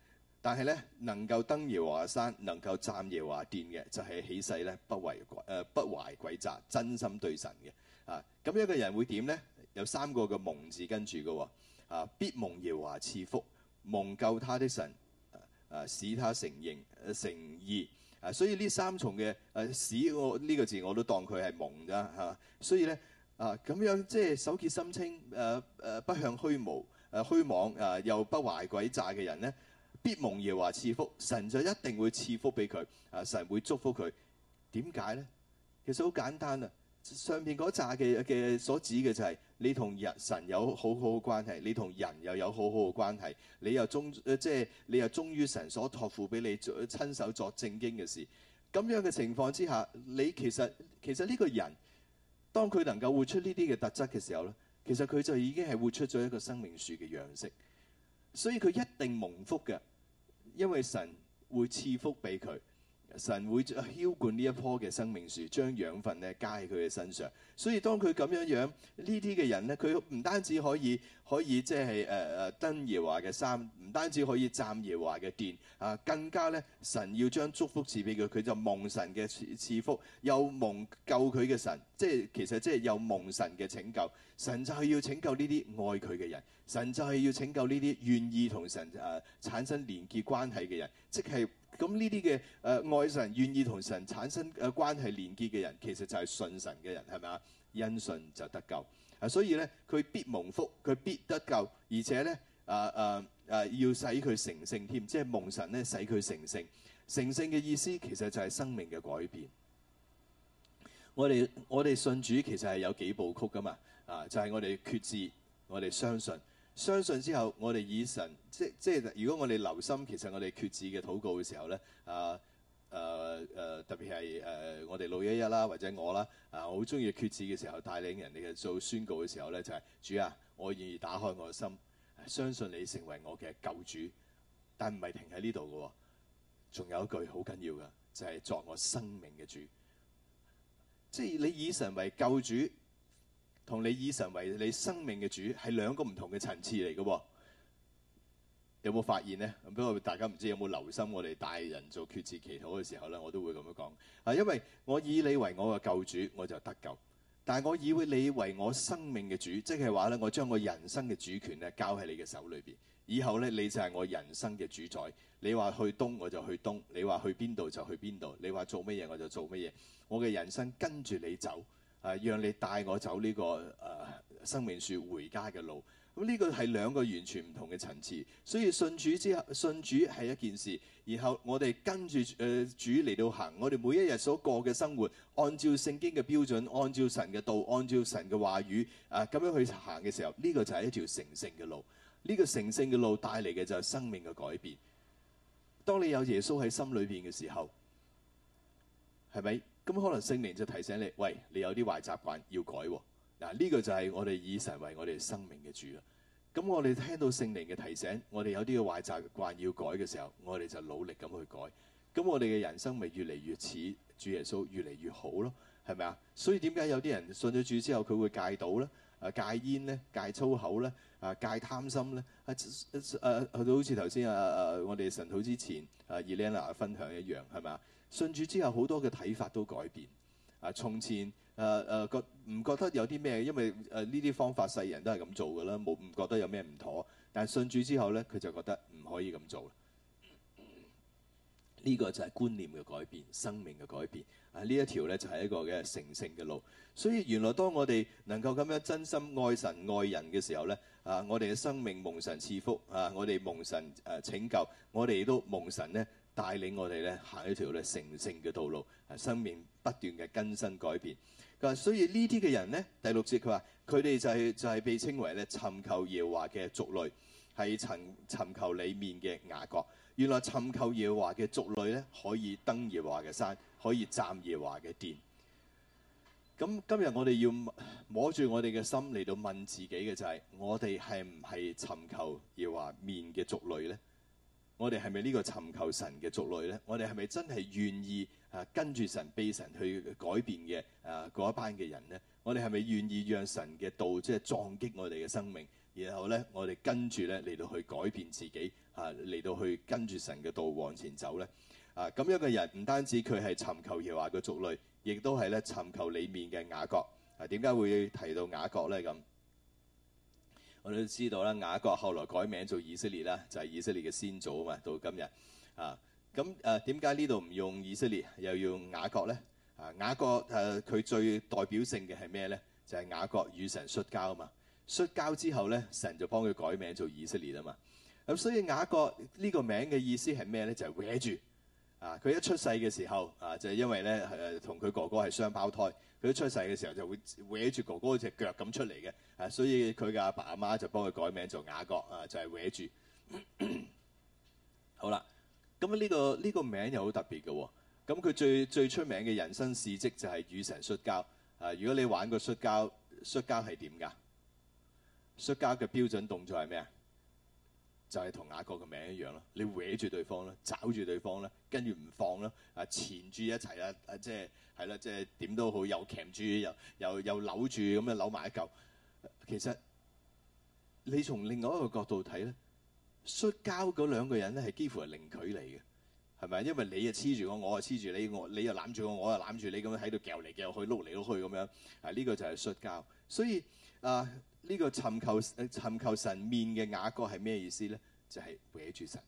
但係咧，能夠登耶和華山、能夠站耶和華殿嘅，就係、是、起誓咧不違誒、呃、不懷詭詐，真心對神嘅啊。咁樣嘅人會點咧？有三個嘅蒙字跟住嘅喎，啊必蒙耶和華賜福，蒙救他的神，啊使他成形、啊、成義。啊所以呢三重嘅，啊使我呢、這個字我都當佢係蒙啫嚇、啊，所以咧啊咁樣即係手潔心清，誒、啊、誒、啊、不向虛無誒虛、啊、妄啊又不懷詭詐嘅人咧，必蒙耶和華賜福，神就一定會賜福俾佢，啊神會祝福佢，點解咧？其實好簡單啊！上面嗰扎嘅嘅所指嘅就係你同神有好好嘅關係，你同人又有好好嘅關係，你又忠，即係你又忠於神所託付俾你親手作正經嘅事。咁樣嘅情況之下，你其實其實呢個人，當佢能夠活出呢啲嘅特質嘅時候咧，其實佢就已經係活出咗一個生命樹嘅樣式。所以佢一定蒙福嘅，因為神會賜福俾佢。神會澆灌呢一棵嘅生命樹，將養分咧加喺佢嘅身上。所以當佢咁樣樣呢啲嘅人咧，佢唔單止可以可以即係誒誒登耶華嘅山，唔單止可以站耶華嘅殿啊，更加咧神要將祝福賜俾佢，佢就蒙神嘅賜賜福，又蒙救佢嘅神，即係其實即係有蒙神嘅拯救。神就係要拯救呢啲愛佢嘅人，神就係要拯救呢啲願意同神誒、呃、產生連結關係嘅人，即係咁呢啲嘅誒愛神願意同神產生誒關係連結嘅人，其實就係信神嘅人係咪啊？因信就得救啊！所以咧，佢必蒙福，佢必得救，而且咧，啊啊啊，要使佢成聖添，即係蒙神咧使佢成聖。成聖嘅意思，其實就係生命嘅改變。我哋我哋信主其實係有幾部曲噶嘛啊！就係我哋決志，我哋相信，相信之後，我哋以神即係即係如果我哋留心，其實我哋決志嘅禱告嘅時候咧啊。誒誒、呃呃，特別係誒、呃、我哋六一一啦，或者我啦，啊好中意決志嘅時候帶領人哋做宣告嘅時候咧，就係、是、主啊，我願意打開我嘅心，相信你成為我嘅救主。但唔係停喺呢度嘅，仲有一句好緊要嘅，就係、是、作我生命嘅主。即係你以神為救主，同你以神為你生命嘅主係兩個唔同嘅層次嚟嘅喎。有冇發現呢？不過大家唔知有冇留心我哋大人做決志祈禱嘅時候呢，我都會咁樣講。啊，因為我以你為我嘅救主，我就得救；但係我以你為我生命嘅主，即係話呢，我將我人生嘅主權呢，交喺你嘅手裏邊。以後呢，你就係我人生嘅主宰。你話去東我就去東，你話去邊度就去邊度，你話做乜嘢我就做乜嘢。我嘅人生跟住你走，啊，讓你帶我走呢、這個誒、啊、生命樹回家嘅路。咁呢個係兩個完全唔同嘅層次，所以信主之後，信主係一件事。然後我哋跟住誒主嚟到行，我哋每一日所過嘅生活，按照聖經嘅標準，按照神嘅道，按照神嘅話語，誒、啊、咁樣去行嘅時候，呢、這個就係一條成聖嘅路。呢、這個成聖嘅路帶嚟嘅就係生命嘅改變。當你有耶穌喺心裏邊嘅時候，係咪？咁可能聖靈就提醒你，喂，你有啲壞習慣要改喎、哦。嗱，呢個就係我哋以神為我哋生命嘅主啦。咁我哋聽到聖靈嘅提醒，我哋有啲嘅壞習慣要改嘅時候，我哋就努力咁去改。咁我哋嘅人生咪越嚟越似主耶穌，越嚟越好咯，係咪啊？所以點解有啲人信咗主之後，佢會戒賭咧？啊戒煙咧，戒粗口咧，啊戒貪心咧？啊誒去到好似頭先啊啊我哋神好之前啊 Elena 分享一樣係咪啊？信主之後好多嘅睇法都改變啊，從前。誒誒，覺唔覺得有啲咩？因為誒呢啲方法，世人都係咁做噶啦，冇唔覺得有咩唔妥？但係信主之後咧，佢就覺得唔可以咁做啦。呢個就係觀念嘅改變，生命嘅改變。啊，呢一條咧就係一個嘅成聖嘅路。所以原來當我哋能夠咁樣真心愛神愛人嘅時候咧，啊，我哋嘅生命蒙神賜福啊，我哋蒙神誒拯救，我哋亦都蒙神咧帶領我哋咧行一條咧成聖嘅道路，啊，生命不斷嘅更新改變。所以呢啲嘅人呢，第六節佢話，佢哋就係、是、就係、是、被稱為咧尋求耶和華嘅族類，係尋尋求你面嘅雅各。原來尋求耶和華嘅族類呢，可以登耶和華嘅山，可以站耶和華嘅殿。咁今日我哋要摸住我哋嘅心嚟到問自己嘅就係、是，我哋係唔係尋求耶和華面嘅族類呢？我哋係咪呢個尋求神嘅族類呢？我哋係咪真係願意啊跟住神、被神去改變嘅啊嗰一班嘅人呢？我哋係咪願意讓神嘅道即係撞擊我哋嘅生命，然後呢，我哋跟住呢嚟到去改變自己啊，嚟到去跟住神嘅道往前走呢。啊咁樣嘅人唔單止佢係尋求耶和華嘅族類，亦都係呢尋求裡面嘅雅各啊？點解會提到雅各呢？咁？我哋都知道啦，雅各後來改名做以色列啦，就係、是、以色列嘅先祖啊嘛，到今日啊，咁誒點解呢度唔用以色列，又要用雅各咧？啊，雅各誒佢、啊、最代表性嘅係咩咧？就係、是、雅各與神摔跤啊嘛，摔跤之後咧，神就幫佢改名做以色列啊嘛。咁、啊、所以雅各呢個名嘅意思係咩咧？就係搲住。啊！佢一出世嘅時候，啊，就係因為咧，係同佢哥哥係雙胞胎。佢一出世嘅時候就會搲住哥哥嘅隻腳咁出嚟嘅。啊，所以佢嘅阿爸阿媽就幫佢改名做雅各。啊，就係搲住。好啦，咁呢個呢個名又好特別嘅、哦。咁佢最最出名嘅人生事蹟就係與神摔跤。啊，如果你玩過摔跤，摔跤係點㗎？摔跤嘅標準動作係咩啊？就係同雅各嘅名一樣咯，你搲住對方咧，抓住對方咧，跟住唔放咧，啊，纏住一齊啦，啊即係係啦，即係點都好，又鉗住又又又扭住咁樣扭埋一嚿。其實你從另外一個角度睇咧，摔跤嗰兩個人咧係幾乎係零距離嘅，係咪？因為你啊，黐住我，我啊，黐住你，我你又攬住我，我又攬住你，咁樣喺度夾嚟夾去，碌嚟碌去咁樣。係、啊、呢、呢個就係摔跤，所以啊。呢個尋求誒尋求神面嘅雅各係咩意思咧？就係、是、搲住神，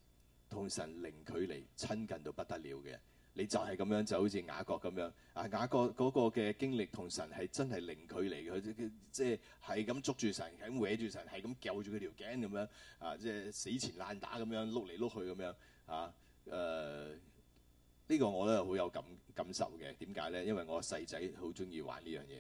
同神零距離親近到不得了嘅。你就係咁樣，就好似雅各咁樣啊！雅各嗰個嘅經歷同神係真係零距離嘅，佢即係係咁捉住神，係咁搲住神，係咁絞住佢條頸咁樣啊！即、就、係、是、死纏爛打咁樣，碌嚟碌去咁樣啊！誒、呃，呢、這個我都係好有感感受嘅。點解咧？因為我細仔好中意玩呢樣嘢。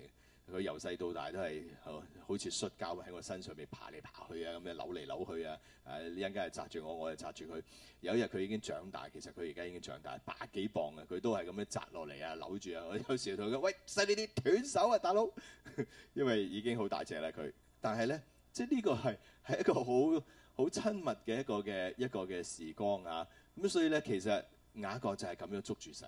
佢由細到大都係好似摔跤喺我身上邊爬嚟爬去，扭扭去啊，咁樣扭嚟扭去啊，誒呢陣間又扎住我，我就扎住佢。有一日佢已經長大，其實佢而家已經長大，百幾磅啊。佢都係咁樣扎落嚟啊，扭住啊。我有時同佢講，喂，細你啲斷手啊，大佬！ 因為已經好大隻啦佢。但係咧，即係呢個係係一個好好親密嘅一個嘅一個嘅時光啊。咁所以咧，其實雅各就係咁樣捉住神。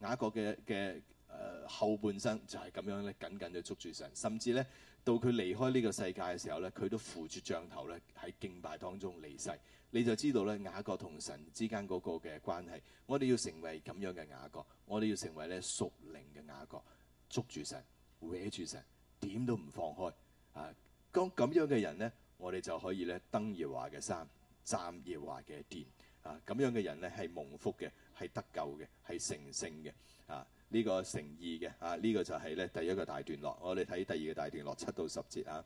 雅各嘅嘅。誒、呃、後半生就係咁樣咧，緊緊地捉住神，甚至咧到佢離開呢個世界嘅時候咧，佢都扶住杖頭咧喺敬拜當中離世。你就知道咧，雅各同神之間嗰個嘅關係。我哋要成為咁樣嘅雅各，我哋要成為咧屬靈嘅雅各，捉住神，搲住神，點都唔放開啊！咁咁樣嘅人呢，我哋就可以咧登耶華嘅山，站耶華嘅殿啊！咁樣嘅人呢，係蒙福嘅，係得救嘅，係成聖嘅啊！呢個誠意嘅嚇，呢、啊這個就係咧第一個大段落。我哋睇第二個大段落七到十節啊。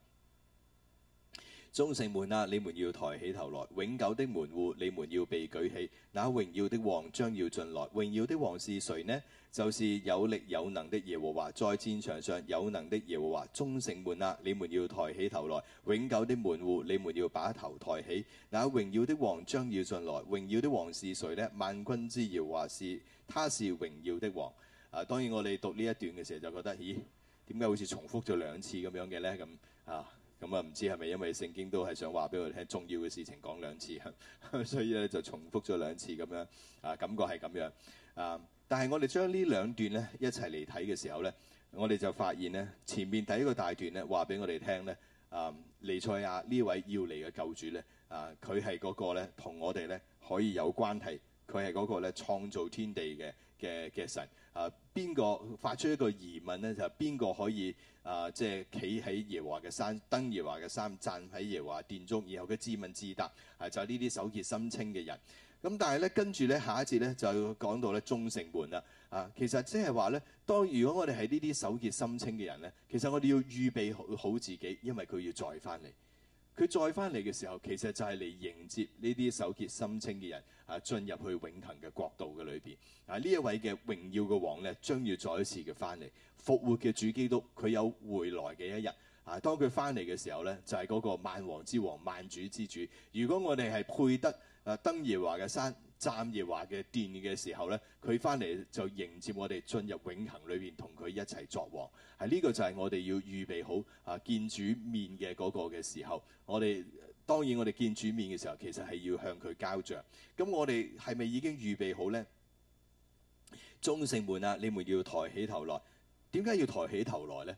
眾城門啊，你們要抬起頭來，永久的門戶你們要被舉起。那榮耀的王將要進來，榮耀的王是誰呢？就是有力有能的耶和華，在戰場上，上有能的耶和華。眾城門啊，你們要抬起頭來，永久的門戶你們要把頭抬起。那榮耀的王將要進來，榮耀的王是誰呢？萬軍之耶和華是，他是榮耀的王。啊，當然我哋讀呢一段嘅時候就覺得，咦，點解好似重複咗兩次咁樣嘅呢？咁啊，咁啊唔、啊、知係咪因為聖經都係想話俾我哋聽，重要嘅事情講兩次，呵呵所以咧就重複咗兩次咁樣啊，啊，感覺係咁樣啊。但係我哋將呢兩段呢一齊嚟睇嘅時候呢，我哋就發現呢前面第一個大段呢話俾我哋聽呢，啊，尼賽亞呢位要嚟嘅救主呢，啊，佢係嗰個咧同我哋呢可以有關係，佢係嗰個咧創造天地嘅。嘅嘅神啊，邊個發出一個疑問咧？就係邊個可以啊，即係企喺耶和華嘅山，登耶和華嘅山，站喺耶和華殿中，然後佢自問自答，係、啊、就係呢啲守潔心清嘅人。咁、啊、但係咧，跟住咧下一節咧就要講到咧眾城門啦。啊，其實即係話咧，當如果我哋係呢啲守潔心清嘅人咧，其實我哋要預備好自己，因為佢要再翻嚟。佢再翻嚟嘅時候，其實就係嚟迎接呢啲手潔心清嘅人啊，進入去永恆嘅國度嘅裏邊。啊，呢一位嘅榮耀嘅王咧，將要再一次嘅翻嚟復活嘅主基督，佢有回來嘅一日。啊，當佢翻嚟嘅時候咧，就係嗰個萬王之王、萬主之主。如果我哋係配得啊，登耶華嘅山。三耶華嘅殿嘅時候呢，佢翻嚟就迎接我哋進入永恆裏面，同佢一齊作王。係、啊、呢、呢個就係我哋要預備好啊見主面嘅嗰個嘅時候。我哋當然我哋見主面嘅時候，其實係要向佢交賬。咁我哋係咪已經預備好呢？眾城門啊，你們要抬起頭來。點解要抬起頭來呢？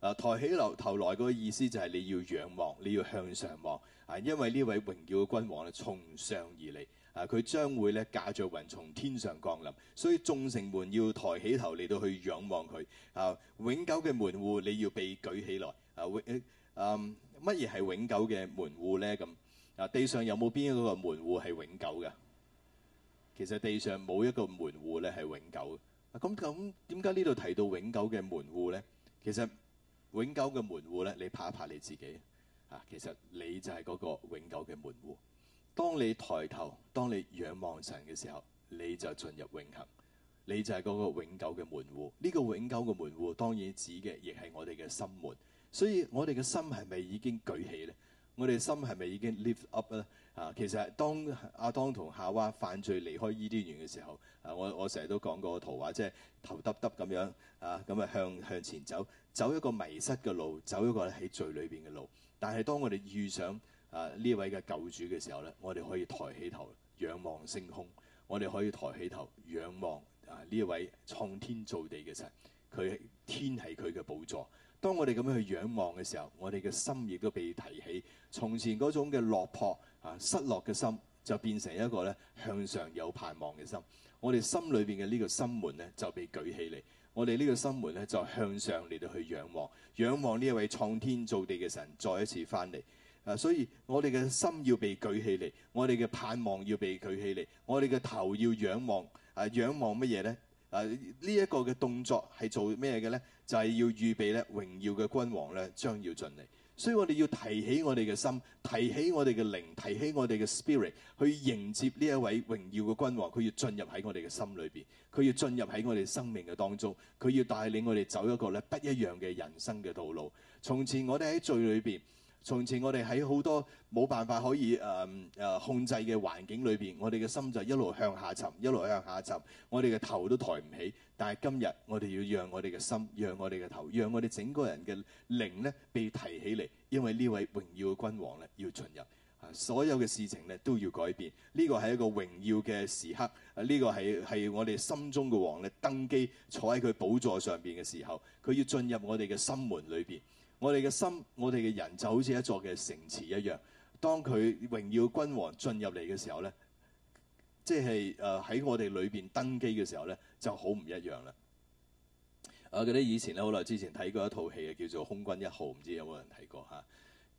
啊、抬起頭頭來嘅意思就係你要仰望，你要向上望啊，因為呢位榮耀嘅君王啊，從上而嚟。啊！佢將會咧駕著雲從天上降臨，所以眾城門要抬起頭嚟到去仰望佢。啊！永久嘅門戶，你要被舉起來。啊！永嗯，乜嘢係永久嘅門戶咧？咁啊，地上有冇邊一個門戶係永久嘅？其實地上冇一個門戶咧係永久。啊咁咁，點解呢度提到永久嘅門戶咧？其實永久嘅門戶咧，你拍一拍你自己啊！其實你就係嗰個永久嘅門戶。當你抬頭，當你仰望神嘅時候，你就進入永恆，你就係嗰個永久嘅門戶。呢、這個永久嘅門戶當然指嘅亦係我哋嘅心門。所以我哋嘅心係咪已經舉起呢？我哋心係咪已經 lift up 咧？啊，其實當阿、啊、當同夏娃犯罪離開伊甸園嘅時候，啊，我我成日都講過個圖畫，即係頭耷耷咁樣，啊，咁啊向向前走，走一個迷失嘅路，走一個喺罪裏邊嘅路。但係當我哋遇上啊！呢位嘅救主嘅時候呢，我哋可以抬起頭仰望星空，我哋可以抬起頭仰望啊！呢位創天造地嘅神，佢係天係佢嘅寶座。當我哋咁樣去仰望嘅時候，我哋嘅心亦都被提起。從前嗰種嘅落魄啊、失落嘅心，就變成一個咧向上有盼望嘅心。我哋心裏邊嘅呢個心門咧就被舉起嚟，我哋呢個心門咧就向上嚟到去仰望，仰望呢一位創天造地嘅神再一次翻嚟。啊！所以我哋嘅心要被舉起嚟，我哋嘅盼望要被舉起嚟，我哋嘅頭要仰望。啊，仰望乜嘢呢？啊，呢一個嘅動作係做咩嘅呢？就係、是、要預備咧，榮耀嘅君王咧將要進嚟。所以我哋要提起我哋嘅心，提起我哋嘅靈，提起我哋嘅 spirit，去迎接呢一位榮耀嘅君王。佢要進入喺我哋嘅心裏邊，佢要進入喺我哋生命嘅當中，佢要帶領我哋走一個咧不一樣嘅人生嘅道路。從前我哋喺罪裏邊。從前我哋喺好多冇辦法可以誒誒、呃呃、控制嘅環境裏邊，我哋嘅心就一路向下沉，一路向下沉，我哋嘅頭都抬唔起。但係今日我哋要讓我哋嘅心，讓我哋嘅頭，讓我哋整個人嘅靈咧被提起嚟，因為呢位榮耀嘅君王咧要進入，啊，所有嘅事情咧都要改變。呢個係一個榮耀嘅時刻，呢個係係我哋心中嘅王咧登基坐喺佢寶座上邊嘅時候，佢要進入我哋嘅心門裏邊。我哋嘅心，我哋嘅人就好似一座嘅城池一樣。當佢榮耀君王進入嚟嘅時候咧，即係誒喺我哋裏邊登基嘅時候咧，就好唔一樣啦。我記得以前咧好耐之前睇過一套戲嘅，叫做《空軍一號》，唔知有冇人睇過嚇？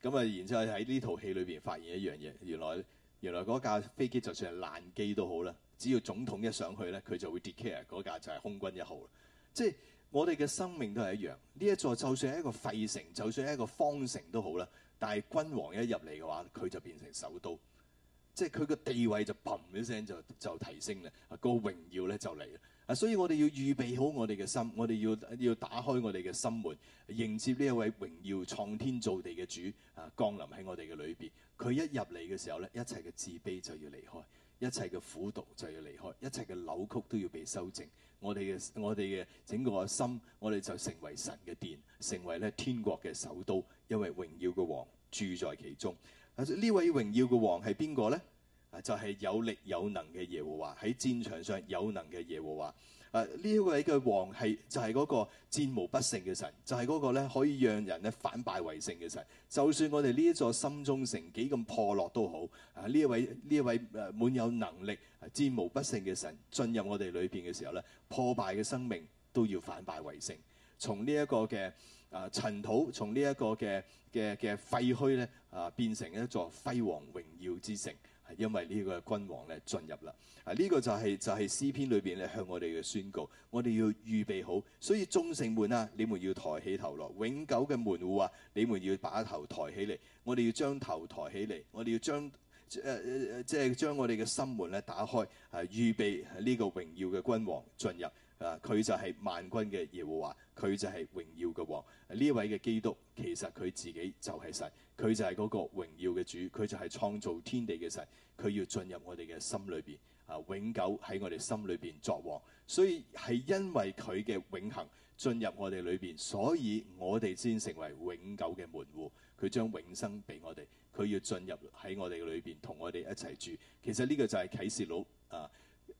咁啊，然之後喺呢套戲裏邊發現一樣嘢，原來原來嗰架飛機就算係爛機都好啦，只要總統一上去咧，佢就會 declare 嗰架就係空軍一號，即係。我哋嘅生命都係一樣，呢一座就算係一個廢城，就算係一個方城都好啦。但係君王一入嚟嘅話，佢就變成首都，即係佢個地位就嘭一聲就就提升咧，嗰個榮耀咧就嚟啦。啊，所以我哋要預備好我哋嘅心，我哋要要打開我哋嘅心門，迎接呢一位榮耀創天造地嘅主啊，降臨喺我哋嘅裏邊。佢一入嚟嘅時候咧，一切嘅自卑就要離開。一切嘅苦毒就要離開，一切嘅扭曲都要被修正。我哋嘅我哋嘅整個的心，我哋就成為神嘅殿，成為咧天國嘅首都，因為榮耀嘅王住在其中。啊，所以這位呢位榮耀嘅王係邊個咧？就係有力有能嘅耶和華，喺戰場上有能嘅耶和華。啊！呢一位嘅王係就係、是、嗰個戰無不勝嘅神，就係、是、嗰個咧可以讓人咧反敗為勝嘅神。就算我哋呢一座心中城幾咁破落都好，啊！呢一位呢一位誒、啊、滿有能力、啊、戰無不勝嘅神進入我哋裏邊嘅時候咧，破敗嘅生命都要反敗為勝，從呢一個嘅啊塵土，從呢一個嘅嘅嘅廢墟咧啊變成一座輝煌榮耀之城。因為呢個君王咧進入啦，啊呢個就係就係詩篇裏邊咧向我哋嘅宣告，我哋要預備好，所以眾城門啊，你們要抬起頭來，永久嘅門戶啊，你們要把頭抬起嚟，我哋要將頭抬起嚟，我哋要將誒誒即係將我哋嘅心門咧打開，係預備呢個榮耀嘅君王進入，啊佢就係萬軍嘅耶和華，佢就係榮耀嘅王，呢位嘅基督其實佢自己就係神。佢就係嗰個榮耀嘅主，佢就係創造天地嘅神，佢要進入我哋嘅心裏邊啊，永久喺我哋心裏邊作王。所以係因為佢嘅永恆進入我哋裏邊，所以我哋先成為永久嘅門戶。佢將永生俾我哋，佢要進入喺我哋裏邊同我哋一齊住。其實呢個就係啟示錄啊，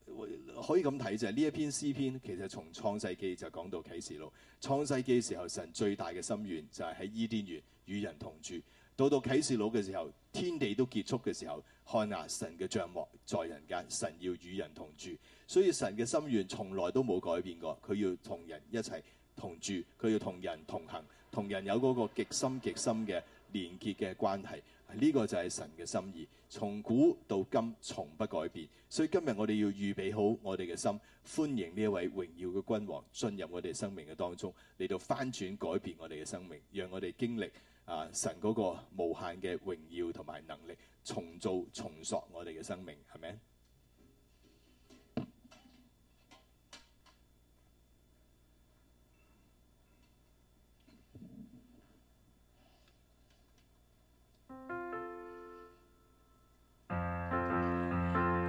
可以咁睇就係、是、呢一篇詩篇，其實從創世記就講到啟示錄。創世記時候，神最大嘅心願就係喺伊甸園與人同住。到到啟示錄嘅時候，天地都結束嘅時候，看哪，神嘅帳幕在人間，神要與人同住，所以神嘅心願從來都冇改變過，佢要同人一齊同住，佢要同人同行，同人有嗰個極深極深嘅連結嘅關係，呢個就係神嘅心意，從古到今從不改變，所以今日我哋要預備好我哋嘅心，歡迎呢一位榮耀嘅君王進入我哋生命嘅當中，嚟到翻轉改變我哋嘅生命，讓我哋經歷。啊、神嗰個無限嘅榮耀同埋能力，重做重塑我哋嘅生命，係咪？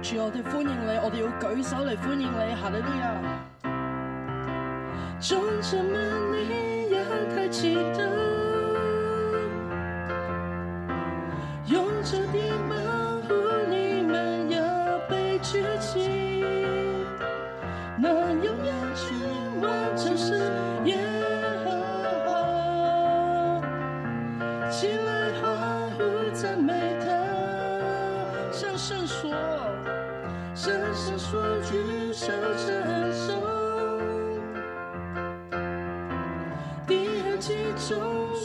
主我哋歡迎你，我哋要舉手嚟歡迎你，下啲都有。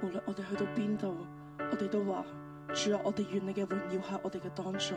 無論我哋去到邊度，我哋都話，主啊，我哋願你嘅榮耀在，我哋嘅當中。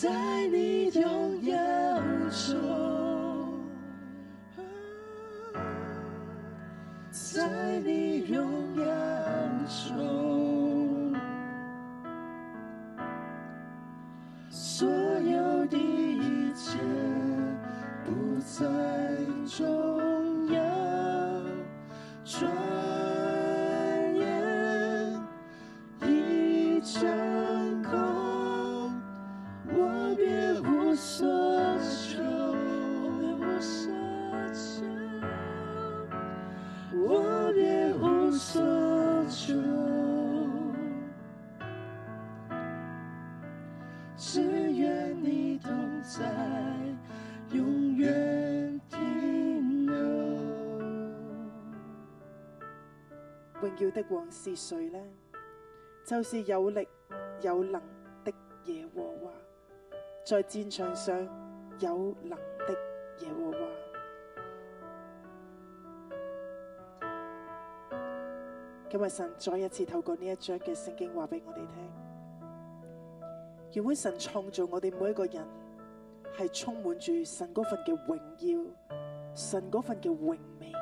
在你擁有中。的王是誰呢？就是有力有能的耶和華，在戰場上有能的耶和華。今日神再一次透過呢一章嘅聖經話俾我哋聽，原本神創造我哋每一個人，係充滿住神嗰份嘅榮耀，神嗰份嘅榮美，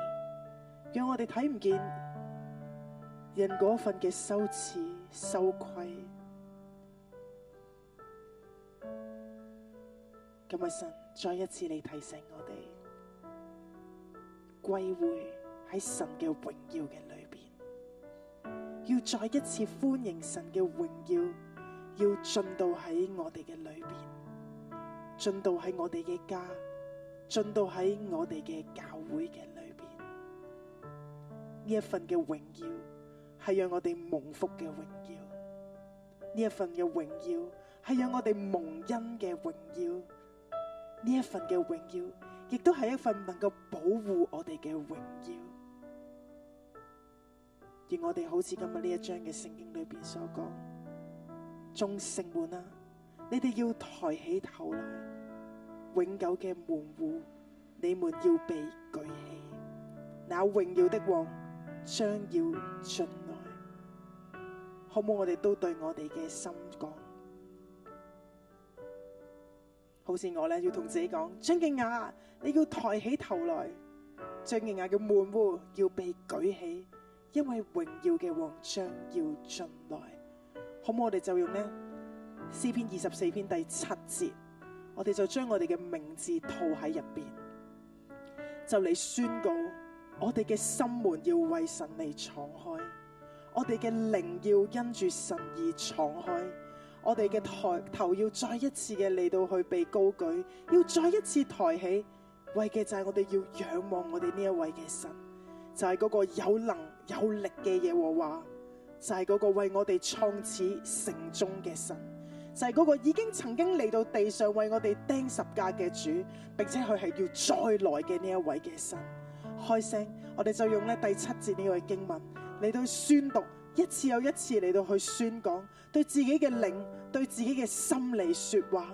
讓我哋睇唔見。人嗰份嘅羞恥、羞愧，今日神再一次嚟提醒我哋歸回喺神嘅榮耀嘅裏邊，要再一次歡迎神嘅榮耀，要進到喺我哋嘅裏邊，進到喺我哋嘅家，進到喺我哋嘅教會嘅裏邊，呢一份嘅榮耀，係讓我哋蒙福嘅榮耀，呢一份嘅榮耀係讓我哋蒙恩嘅榮耀，呢一份嘅榮耀亦都係一份能夠保護我哋嘅榮耀。而我哋好似今日呢一章嘅聖經裏邊所講，眾城門啊，你哋要抬起頭來，永久嘅門戶，你們要被舉起，那榮耀的王將要進來。好唔好？我哋都對我哋嘅心講，好似我呢，要同自己講，張敬雅你要抬起頭來，張敬雅嘅門戶要被舉起，因為榮耀嘅王將要進來。好唔好？我哋就用呢詩篇二十四篇第七節，我哋就將我哋嘅名字套喺入邊，就嚟宣告我哋嘅心門要為神嚟敞開。我哋嘅靈要因住神而敞開，我哋嘅抬頭要再一次嘅嚟到去被高舉，要再一次抬起，為嘅就係我哋要仰望我哋呢一位嘅神，就係嗰個有能有力嘅耶和華，就係嗰個為我哋創始成終嘅神，就係嗰個已經曾經嚟到地上為我哋釘十架嘅主，並且佢係要再來嘅呢一位嘅神。開聲，我哋就用呢第七節呢個經文。嚟到宣讀，一次又一次嚟到去宣講，對自己嘅靈、對自己嘅心嚟說話。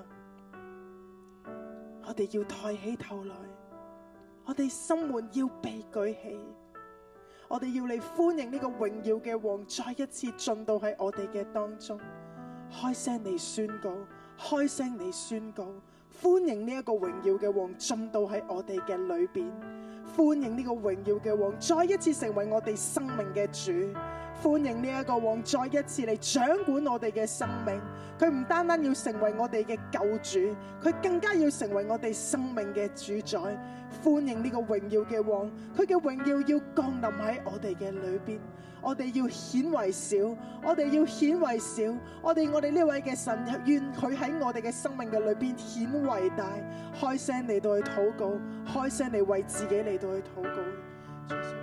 我哋要抬起頭來，我哋心門要被舉起。我哋要嚟歡迎呢個榮耀嘅王再一次進到喺我哋嘅當中。開聲嚟宣告，開聲嚟宣告，歡迎呢一個榮耀嘅王進到喺我哋嘅裏邊。歡迎呢個榮耀嘅王，再一次成為我哋生命嘅主。歡迎呢一個王再一次嚟掌管我哋嘅生命，佢唔單單要成為我哋嘅救主，佢更加要成為我哋生命嘅主宰。歡迎呢個榮耀嘅王，佢嘅榮耀要降臨喺我哋嘅裏邊，我哋要顯為小，我哋要顯為小，我哋我哋呢位嘅神，願佢喺我哋嘅生命嘅裏邊顯為大。開聲嚟到去禱告，開聲嚟為自己嚟到去禱告。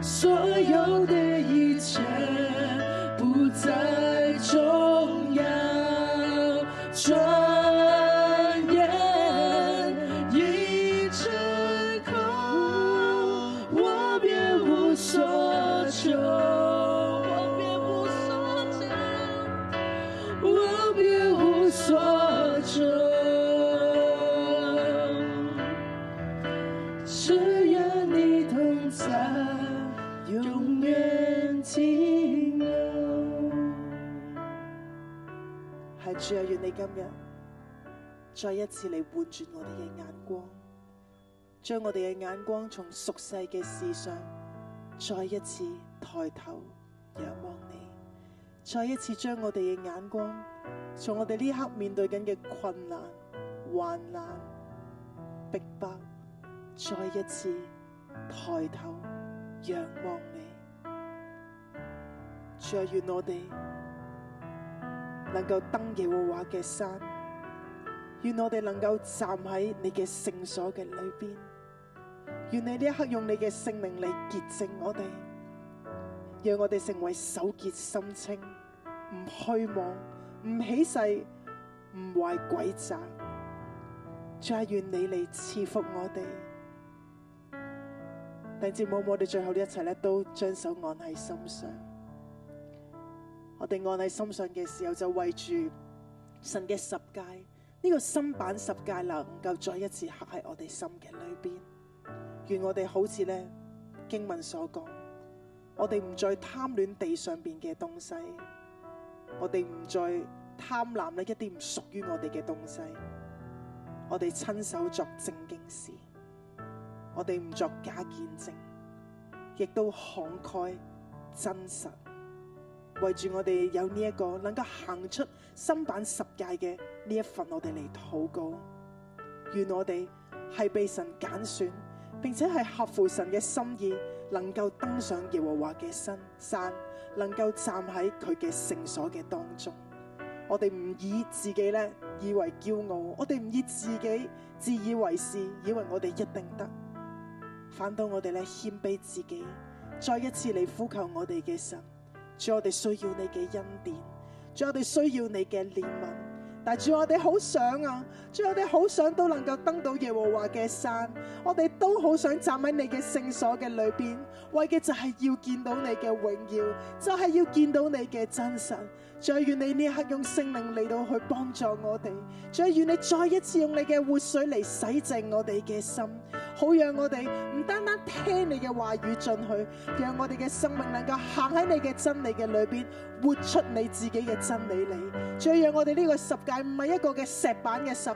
所有的一切不再。再一次嚟換轉我哋嘅眼光，將我哋嘅眼光從俗世嘅事上，再一次抬頭仰望你；再一次將我哋嘅眼光從我哋呢刻面對緊嘅困難、患難、逼迫，再一次抬頭仰望你。再願我哋能夠登耶和華嘅山。願我哋能夠站喺你嘅聖所嘅裏邊，願你呢一刻用你嘅性命嚟潔淨我哋，讓我哋成為手潔心清，唔虛妄，唔起誓，唔懷詭詐。再願你嚟賜福我哋。弟兄姊妹，我哋最後呢一齊咧，都將手按喺心上。我哋按喺心上嘅時候就，就為住神嘅十誡。呢個新版十誡能夠再一次刻喺我哋心嘅裏邊，願我哋好似咧經文所講，我哋唔再貪戀地上面嘅東西，我哋唔再貪婪咧一啲唔屬於我哋嘅東西，我哋親手作正經事，我哋唔作假見證，亦都慷慨真實，為住我哋有呢一個能夠行出新版十誡嘅。呢一份我哋嚟禱告，願我哋係被神揀選，並且係合乎神嘅心意，能夠登上耶和華嘅聖山，能夠站喺佢嘅聖所嘅當中。我哋唔以自己咧以為驕傲，我哋唔以自己自以為是，以為我哋一定得。反倒我哋咧謙卑自己，再一次嚟呼求我哋嘅神，主，我哋需要你嘅恩典，主，我哋需要你嘅憐憫。主我哋好想啊，主我哋好想都能夠登到耶和華嘅山，我哋都好想站喺你嘅聖所嘅裏邊，為嘅就係要見到你嘅榮耀，就係要見到你嘅真實。再願你呢一刻用聖靈嚟到去幫助我哋，再願你再一次用你嘅活水嚟洗淨我哋嘅心。好讓我哋唔單單聽你嘅話語進去，讓我哋嘅生命能夠行喺你嘅真理嘅裏邊，活出你自己嘅真理嚟。仲要讓我哋呢個十誡唔係一個嘅石板嘅十誡，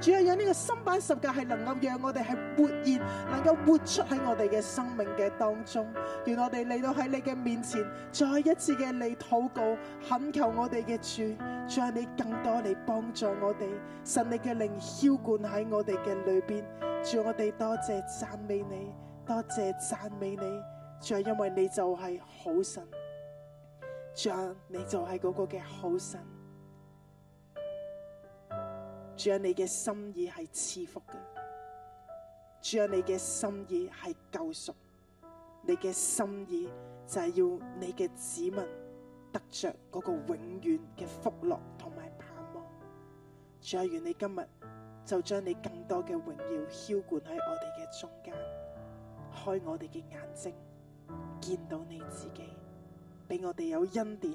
仲要讓呢個新版十誡係能夠讓我哋係活現，能夠活出喺我哋嘅生命嘅當中。願我哋嚟到喺你嘅面前，再一次嘅你禱告，懇求我哋嘅主，主你更多嚟幫助我哋，神你嘅靈澆灌喺我哋嘅裏邊，叫我哋多。多謝讚美你，多謝讚美你，主啊，因為你就係好神，主啊，你就係嗰個嘅好神，主啊，你嘅心意係賜福嘅，主啊，你嘅心意係救贖，你嘅心意就係要你嘅子民得着嗰個永遠嘅福樂同埋盼望，主啊，願你今日。就將你更多嘅榮耀澆灌喺我哋嘅中間，開我哋嘅眼睛，見到你自己，俾我哋有恩典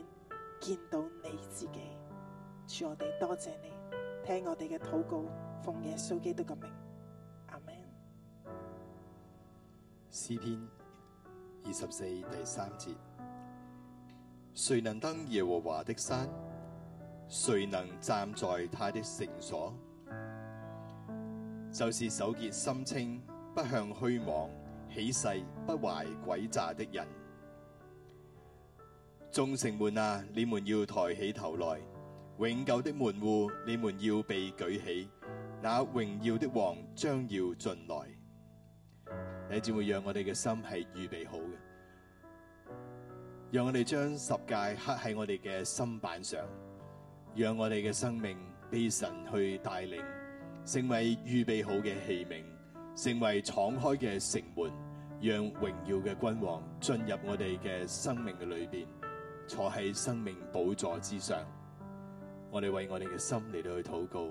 見到你自己，主，我哋多謝你，聽我哋嘅禱告，奉耶穌基督嘅名，阿門。詩篇二十四第三節：誰能登耶和華的山？誰能站在他的聖所？」就是手潔心清，不向虛妄起誓，不懷詭詐的人。眾城門啊，你們要抬起頭來，永久的門戶，你們要被舉起。那榮耀的王將要進來，你只會讓我哋嘅心係預備好嘅，讓我哋將十誡刻喺我哋嘅心板上，讓我哋嘅生命被神去帶領。成為預備好嘅器皿，成為敞開嘅城門，讓榮耀嘅君王進入我哋嘅生命嘅裏邊，坐喺生命寶座之上。我哋為我哋嘅心嚟到去禱告，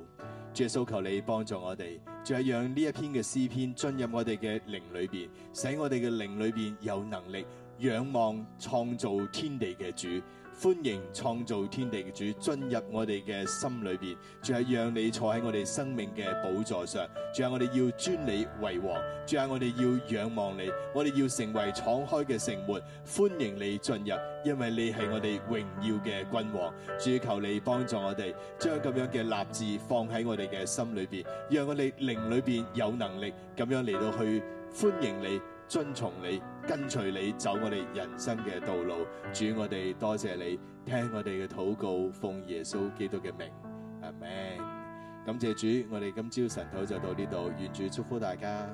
主耶穌求你幫助我哋，就係讓呢一篇嘅詩篇進入我哋嘅靈裏邊，使我哋嘅靈裏邊有能力仰望創造天地嘅主。歡迎創造天地主進入我哋嘅心裏邊，仲係讓你坐喺我哋生命嘅寶座上，仲有我哋要尊你為王，仲有我哋要仰望你，我哋要成為敞開嘅城門，歡迎你進入，因為你係我哋榮耀嘅君王，主求你幫助我哋將咁樣嘅立志放喺我哋嘅心裏邊，讓我哋靈裏邊有能力咁樣嚟到去歡迎你。遵從你，跟隨你走我哋人生嘅道路，主我哋多謝，謝你，聽我哋嘅禱告，奉耶穌基督嘅名，阿門。感謝主，我哋今朝晨禱就到呢度，願主祝福大家。